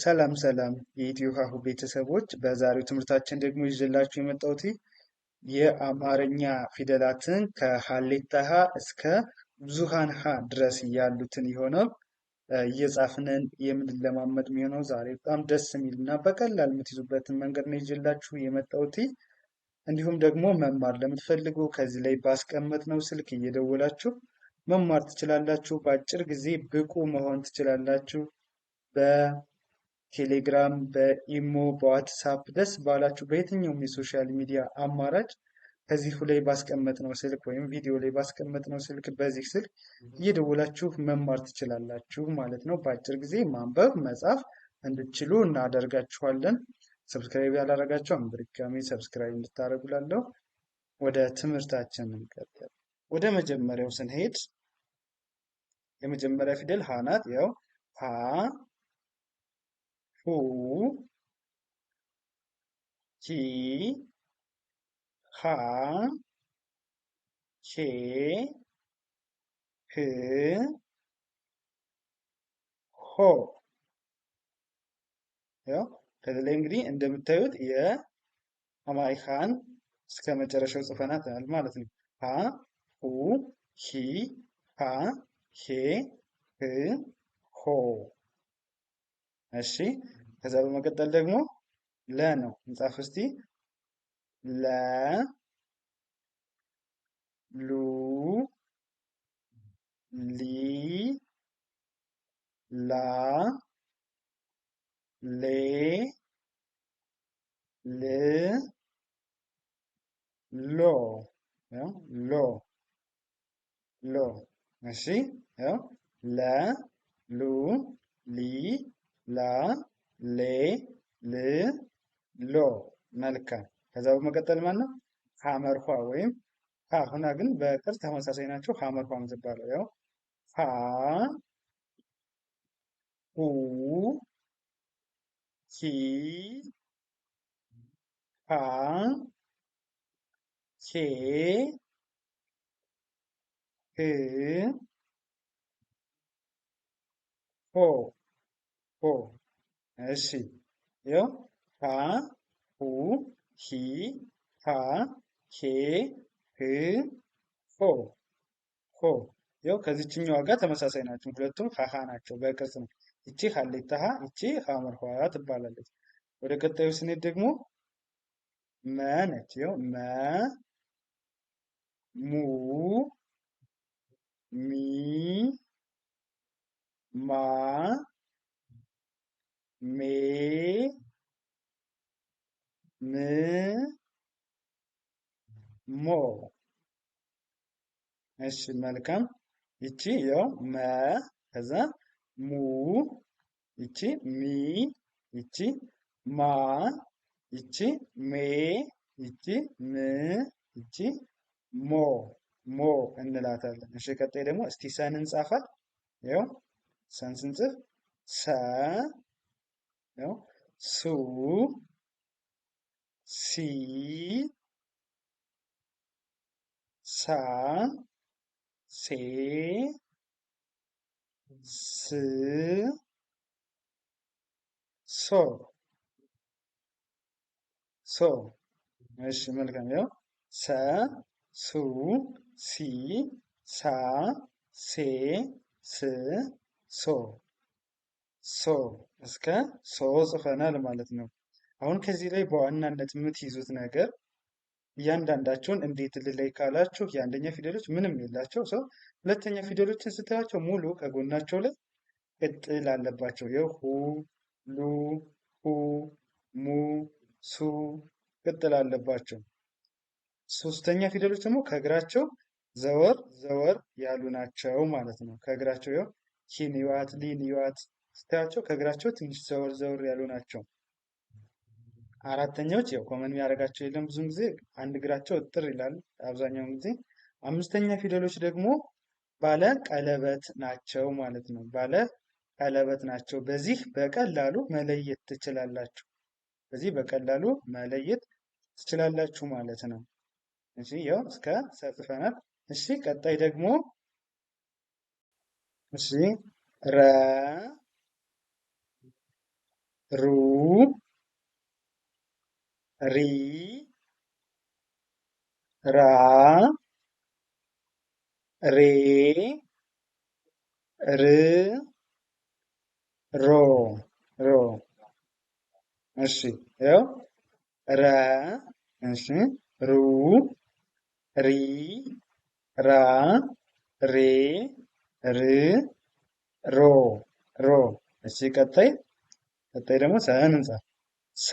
ሰላም ሰላም የኢትዮ ሀሁ ቤተሰቦች፣ በዛሬው ትምህርታችን ደግሞ ይዤላችሁ የመጣሁት የአማርኛ ፊደላትን ከሀሌታ ሀ እስከ ብዙሃን ሀ ድረስ ያሉትን የሆነው እየጻፍንን የምንለማመድ የሚሆነው ዛሬ በጣም ደስ የሚል እና በቀላል የምትይዙበትን መንገድ ነው ይዤላችሁ የመጣሁት። እንዲሁም ደግሞ መማር ለምትፈልጉ ከዚህ ላይ ነው ስልክ እየደወላችሁ መማር ትችላላችሁ። በአጭር ጊዜ ብቁ መሆን ትችላላችሁ። በቴሌግራም፣ በኢሞ፣ በዋትሳፕ ደስ ባላችሁ በየትኛውም የሶሻል ሚዲያ አማራጭ ከዚሁ ላይ ባስቀመጥነው ስልክ ወይም ቪዲዮ ላይ ባስቀመጥነው ስልክ በዚህ ስልክ እየደወላችሁ መማር ትችላላችሁ ማለት ነው። በአጭር ጊዜ ማንበብ መጻፍ እንድችሉ እናደርጋችኋለን። ሰብስክራይብ ያላረጋችሁ በድጋሚ ሰብስክራይብ እንድታደርጉ ወደ ትምህርታችን እንቀጥል። ወደ መጀመሪያው ስንሄድ የመጀመሪያ ፊደል ሀ ናት። ያው ሀ ሁ ሂ ሃ ሄ ህ ሆ ከዚህ ላይ እንግዲህ እንደምታዩት የአማሪካን እስከ መጨረሻው ጽፈናታል ማለት ነው። ሀ ሁ ሂ ሃ ሄ ህ ሆ ماشي كذا بالمقدر دقمو لا نو نتعفستي لا لو لي لا لي ل لو لو لو ماشي لا لو لي ላ ሌ ል ሎ መልካም። ከዛ በመቀጠል ማን ነው ሀመርኳ ወይም ሀ ሁና ግን በቅርጽ ተመሳሳይ ናቸው። ሀመርኳ የምትባለው ያው ሀ ሁ ሂ ሃ ሄ ህ ሆ ሆ እሺ ይኸው ሀ ሁ ሂ ሃ ሄ ህ ሆ ሆ ይኸው ከዚችኛዋ ጋር ተመሳሳይ ናቸው። ሁለቱም ሀሀ ናቸው። በቅርጽ ነው። ይቺ ሀሌታ ሀ፣ ይቺ ሀመር ኋ ትባላለች። ወደ ቀጣዩ ስንሄድ ደግሞ መ ነች። ይኸው መ ሙ ሚ ማ ሜ ም ሞ እሺ መልካም። ይቺ ያው መ ከዛ ሙ ይቺ ሚ ይቺ ማ ይቺ ሜ ይቺ ም ይቺ ሞ ሞ እንላታለን። እሺ ቀጣይ ደግሞ እስቲ ሰን እንጻፋል። ያው ሰን ስንጽፍ ሰ no? 수, 시, 사, 세, 스, 소, 소. 열심을 가며 사, 수, 시, 사, 세, 스, 소. ሶ እስከ ሶ ጽፈናል ማለት ነው። አሁን ከዚህ ላይ በዋናነት የምትይዙት ነገር እያንዳንዳቸውን እንዴት ልለይ ካላችሁ የአንደኛ ፊደሎች ምንም የላቸው ሰው ሁለተኛ ፊደሎችን ስትላቸው ሙሉ ከጎናቸው ላይ ቅጥል አለባቸው። የሁ ሉ ሁ ሙ ሱ ቅጥል አለባቸው። ሶስተኛ ፊደሎች ደግሞ ከእግራቸው ዘወር ዘወር ያሉ ናቸው ማለት ነው። ከእግራቸው ሂን ይዋት ሊን ይዋት ስታያቸው ከእግራቸው ትንሽ ዘወር ዘወር ያሉ ናቸው። አራተኛዎች ያው ኮመን የሚያደርጋቸው የለም ብዙን ጊዜ አንድ እግራቸው እጥር ይላል አብዛኛውን ጊዜ። አምስተኛ ፊደሎች ደግሞ ባለ ቀለበት ናቸው ማለት ነው። ባለ ቀለበት ናቸው። በዚህ በቀላሉ መለየት ትችላላችሁ። በዚህ በቀላሉ መለየት ትችላላችሁ ማለት ነው። እሺ ያው እስከ ሰጥፈናል። እሺ ቀጣይ ደግሞ እሺ ራ ሩ ሪ ራ ሬ ር ሮ ሮ እሺ ያው ረ እሺ ሩ ሪ ራ ሬ ር ሮ ሮ እሺ ቀጣይ ቀጣይ ደግሞ ሰን እንጻፍ። ሰ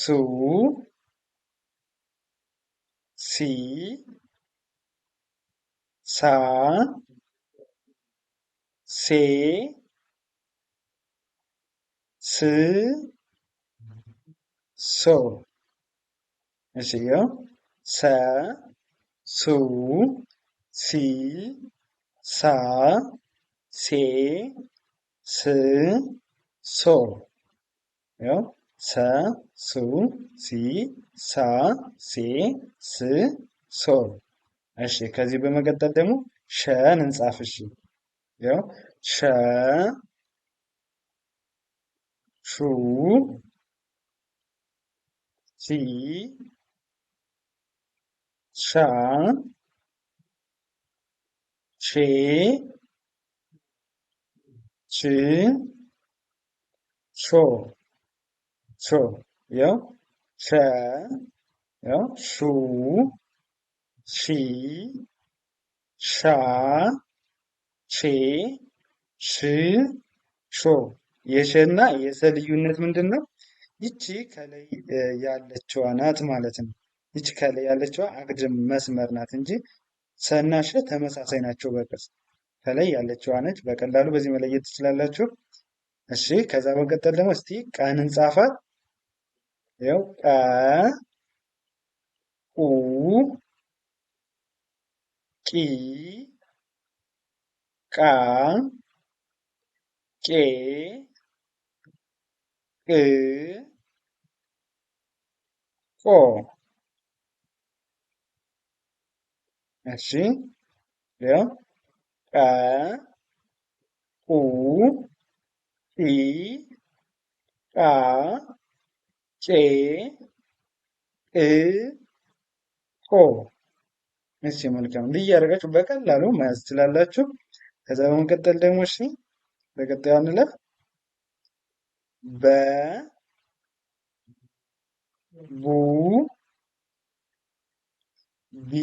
ሱ ሲ ሳ ሴ ስ ሶ እሺ ሰ ሱ ሲ ሳ ሴ ስ ሶ ያው ሰ ሱ ሲ ሳ ሴ ስ ሶ። እሺ ከዚህ በመቀጠል ደግሞ ሸን እንጻፍ። እሺ ያው ሸ ሹ ሲ ሻ ሼ ቺ ቾ ቾ ያው ሸ ያው ሹ ሺ ሻ ቼ ሽ ሾ የሸና የሰ ልዩነት ምንድን ነው? ይቺ ከላይ ያለችዋ ናት ማለት ነው። ይቺ ከላይ ያለችዋ አግድም መስመር ናት እንጂ ሰና ሸ ተመሳሳይ ናቸው በቅርጽ ከላይ ያለችዋ ነች። በቀላሉ በዚህ መለየት ትችላላችሁ። እሺ ከዛ በመቀጠል ደግሞ እስቲ ቀን እንጻፋት። ያው ቀ ቁ ቂ ቃ ቄ ቅ ቆ እሺ ያው ቀ ቁ ቂ ቃ ጬ ቅ ቆ እሺ መልካም ልዩ ያደረጋችሁ በቀላሉ መያዝ ትችላላችሁ። ከዛ በመቀጠል ደግሞ እሺ በቀጣዩ እንለፍ። በ ቡ ቢ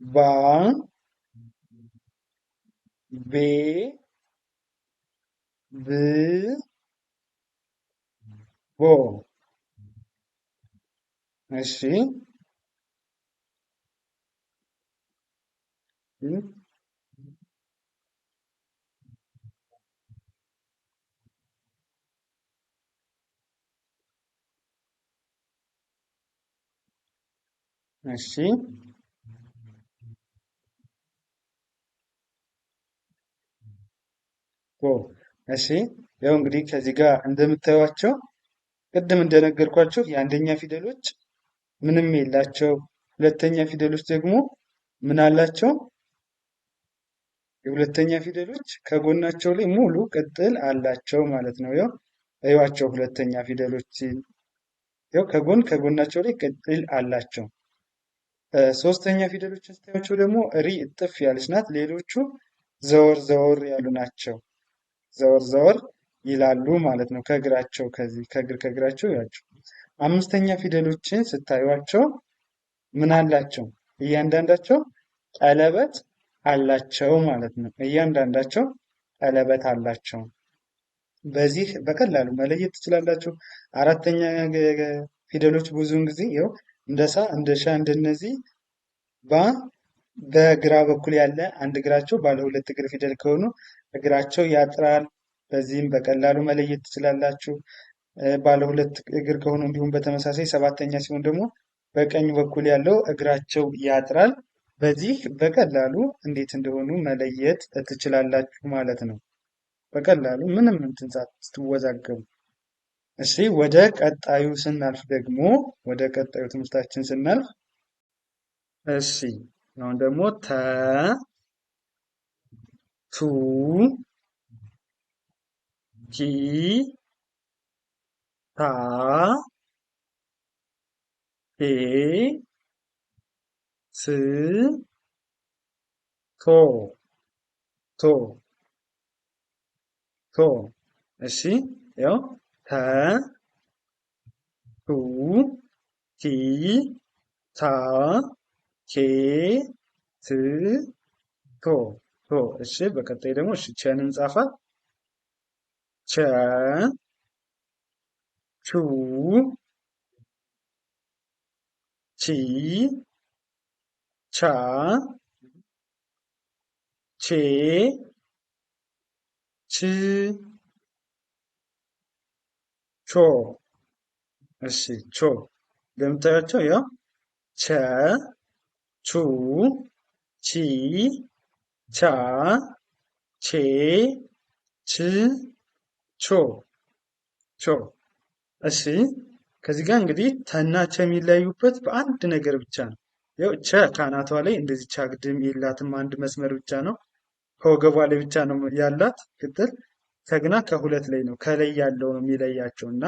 Wang Wei Will Wo. I see. Hmm. I see. እሺ ያው እንግዲህ ከዚህ ጋር እንደምታዩቸው ቅድም እንደነገርኳቸው የአንደኛ ፊደሎች ምንም የላቸው፣ ሁለተኛ ፊደሎች ደግሞ ምን አላቸው? የሁለተኛ ፊደሎች ከጎናቸው ላይ ሙሉ ቅጥል አላቸው ማለት ነው። ያው እዩዋቸው ሁለተኛ ፊደሎች ያው ከጎን ከጎናቸው ላይ ቅጥል አላቸው። ሶስተኛ ፊደሎች ስታያቸው ደግሞ ሪ እጥፍ ያለች ናት። ሌሎቹ ዘወር ዘወር ያሉ ናቸው። ዘወር ዘወር ይላሉ ማለት ነው። ከእግራቸው ከዚህ ከእግር ከእግራቸው ያቸው አምስተኛ ፊደሎችን ስታዩቸው ምን አላቸው? እያንዳንዳቸው ቀለበት አላቸው ማለት ነው። እያንዳንዳቸው ቀለበት አላቸው። በዚህ በቀላሉ መለየት ትችላላችሁ። አራተኛ ፊደሎች ብዙውን ጊዜ ይኸው እንደ ሳ እንደ ሻ እንደነዚህ ባ በግራ በኩል ያለ አንድ እግራቸው ባለ ሁለት እግር ፊደል ከሆኑ እግራቸው ያጥራል። በዚህም በቀላሉ መለየት ትችላላችሁ። ባለ ሁለት እግር ከሆኑ እንዲሁም በተመሳሳይ ሰባተኛ ሲሆን ደግሞ በቀኝ በኩል ያለው እግራቸው ያጥራል። በዚህ በቀላሉ እንዴት እንደሆኑ መለየት ትችላላችሁ ማለት ነው። በቀላሉ ምንም እንትን ስትወዛገቡ። እሺ ወደ ቀጣዩ ስናልፍ ደግሞ ወደ ቀጣዩ ትምህርታችን ስናልፍ እሺ አሁን ደግሞ ተ 수, 지, 다, 비, 예, 스, 도, 도, 도. 다시, 요, 다, 두, 지, 다, 게, 스, 도. እሺ በቀጣይ ደግሞ እሺ ቸን እንጻፋ ቸ ቹ ቺ ቻ ቼ ች ቾ እሺ ቾ እንደምታያቸው ያው ቸ ቹ ቺ ቻ ቼ ች ቾ ቾ። እሺ ከዚህ ጋር እንግዲህ ተና ቸ የሚለያዩበት በአንድ ነገር ብቻ ነው። ያው ቸ ከአናቷ ላይ እንደዚህ ቻ ግድም የላትም አንድ መስመር ብቻ ነው። ከወገቧ ላይ ብቻ ነው ያላት ቅጥል። ከግና ከሁለት ላይ ነው ከላይ ያለው ነው የሚለያቸው እና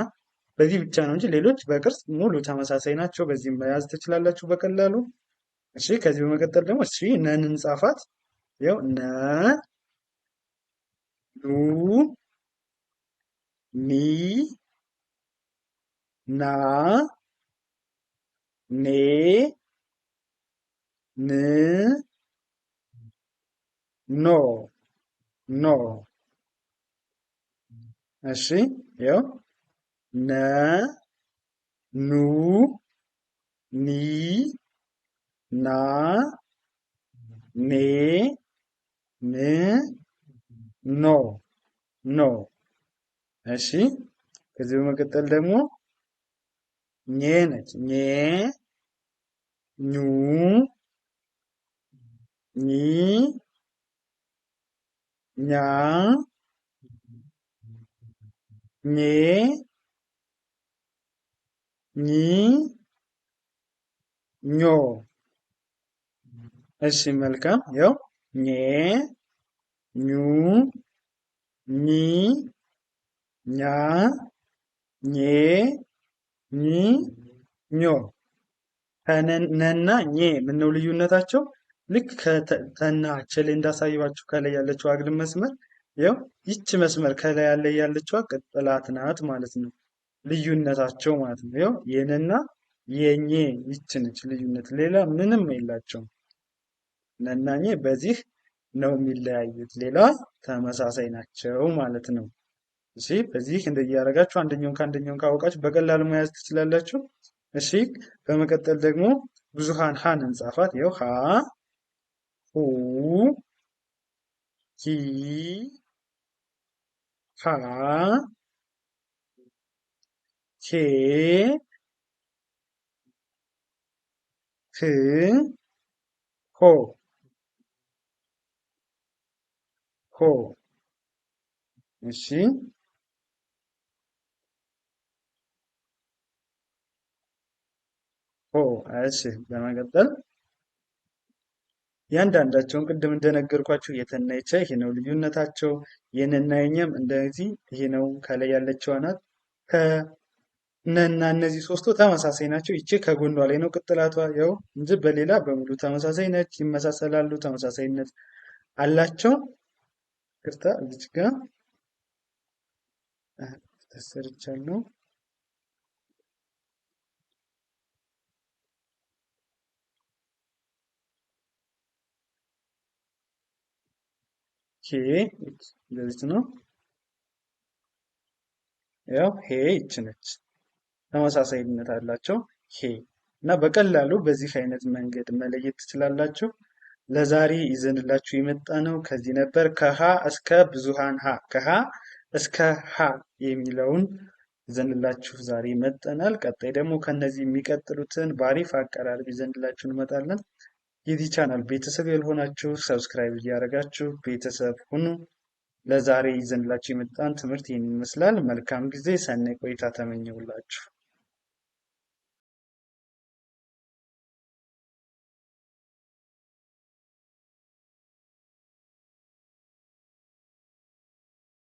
በዚህ ብቻ ነው እንጂ ሌሎች በቅርጽ ሙሉ ተመሳሳይ ናቸው። በዚህ መያዝ ትችላላችሁ በቀላሉ። እሺ ከዚህ በመቀጠል ደግሞ እሺ ነን እንጻፋት ይኸው ነ ኑ ኒ ና ኔ ን ኖ ኖ እሺ ይኸው ነ ኑ ኒ ና ኔ ን ኖ ኖ። እሺ ከዚህ በመቀጠል ደግሞ ኘ ነች። ኘ ኙ ኚ ኛ ኜ ኚ ኞ። እሺ መልካም ያው ኘ ኙ ኚ ኛ ኜ ኚ ኞ ከነና ኜ ምነው ልዩነታቸው ልክ ከተና ቸሌ እንዳሳየዋችሁ ከላይ ያለችው አግድም መስመር ያው ይቺ መስመር ከላይ ያለ ያለችው ቅጥላት ናት ማለት ነው። ልዩነታቸው ማለት ነው። ያው የነና የኜ ይቺ ነች ልዩነት፣ ሌላ ምንም የላቸውም። ነና በዚህ ነው የሚለያዩት። ሌላ ተመሳሳይ ናቸው ማለት ነው። እሺ በዚህ እንደያደረጋችሁ አንደኛውን ከአንደኛውን ካወቃችሁ በቀላሉ መያዝ ትችላላችሁ። እሺ በመቀጠል ደግሞ ብዙሃን ሀን እንጻፋት። ይኸው ሀ ሁ ሂ ሃ ሄ ህ ሆ ሆ እሺ ሆ እሺ በመቀጠል ያንዳንዳቸውን ቅድም እንደነገርኳችሁ የተና ይቸ ይሄ ነው ልዩነታቸው። የነና የኘም እንደዚህ ይሄ ነው። ከላይ ያለችው ናት። ከነና እነዚህ ሶስቱ ተመሳሳይ ናቸው። ይቺ ከጎኗ ላይ ነው ቅጥላቷ ያው እንጂ በሌላ በሙሉ ተመሳሳይ ነች። ይመሳሰላሉ፣ ተመሳሳይነት አላቸው። ቅርታ እዚች ጋ ተሰርቻለሁ። ሄ ነው። ያው ሄ ይች ነች። ተመሳሳይነት አላቸው ሄ እና በቀላሉ በዚህ አይነት መንገድ መለየት ትችላላችሁ። ለዛሬ ይዘንላችሁ የመጣ ነው ከዚህ ነበር ከሀ እስከ ብዙሃን ሀ ከሀ እስከ ሀ የሚለውን ይዘንላችሁ ዛሬ መጠናል። ቀጣይ ደግሞ ከነዚህ የሚቀጥሉትን በአሪፍ አቀራረብ ይዘንላችሁ እንመጣለን። የዚህ ቻናል ቤተሰብ ያልሆናችሁ ሰብስክራይብ እያደረጋችሁ ቤተሰብ ሁኑ። ለዛሬ ይዘንላችሁ የመጣን ትምህርት ይህን ይመስላል። መልካም ጊዜ፣ ሰናይ ቆይታ ተመኘውላችሁ።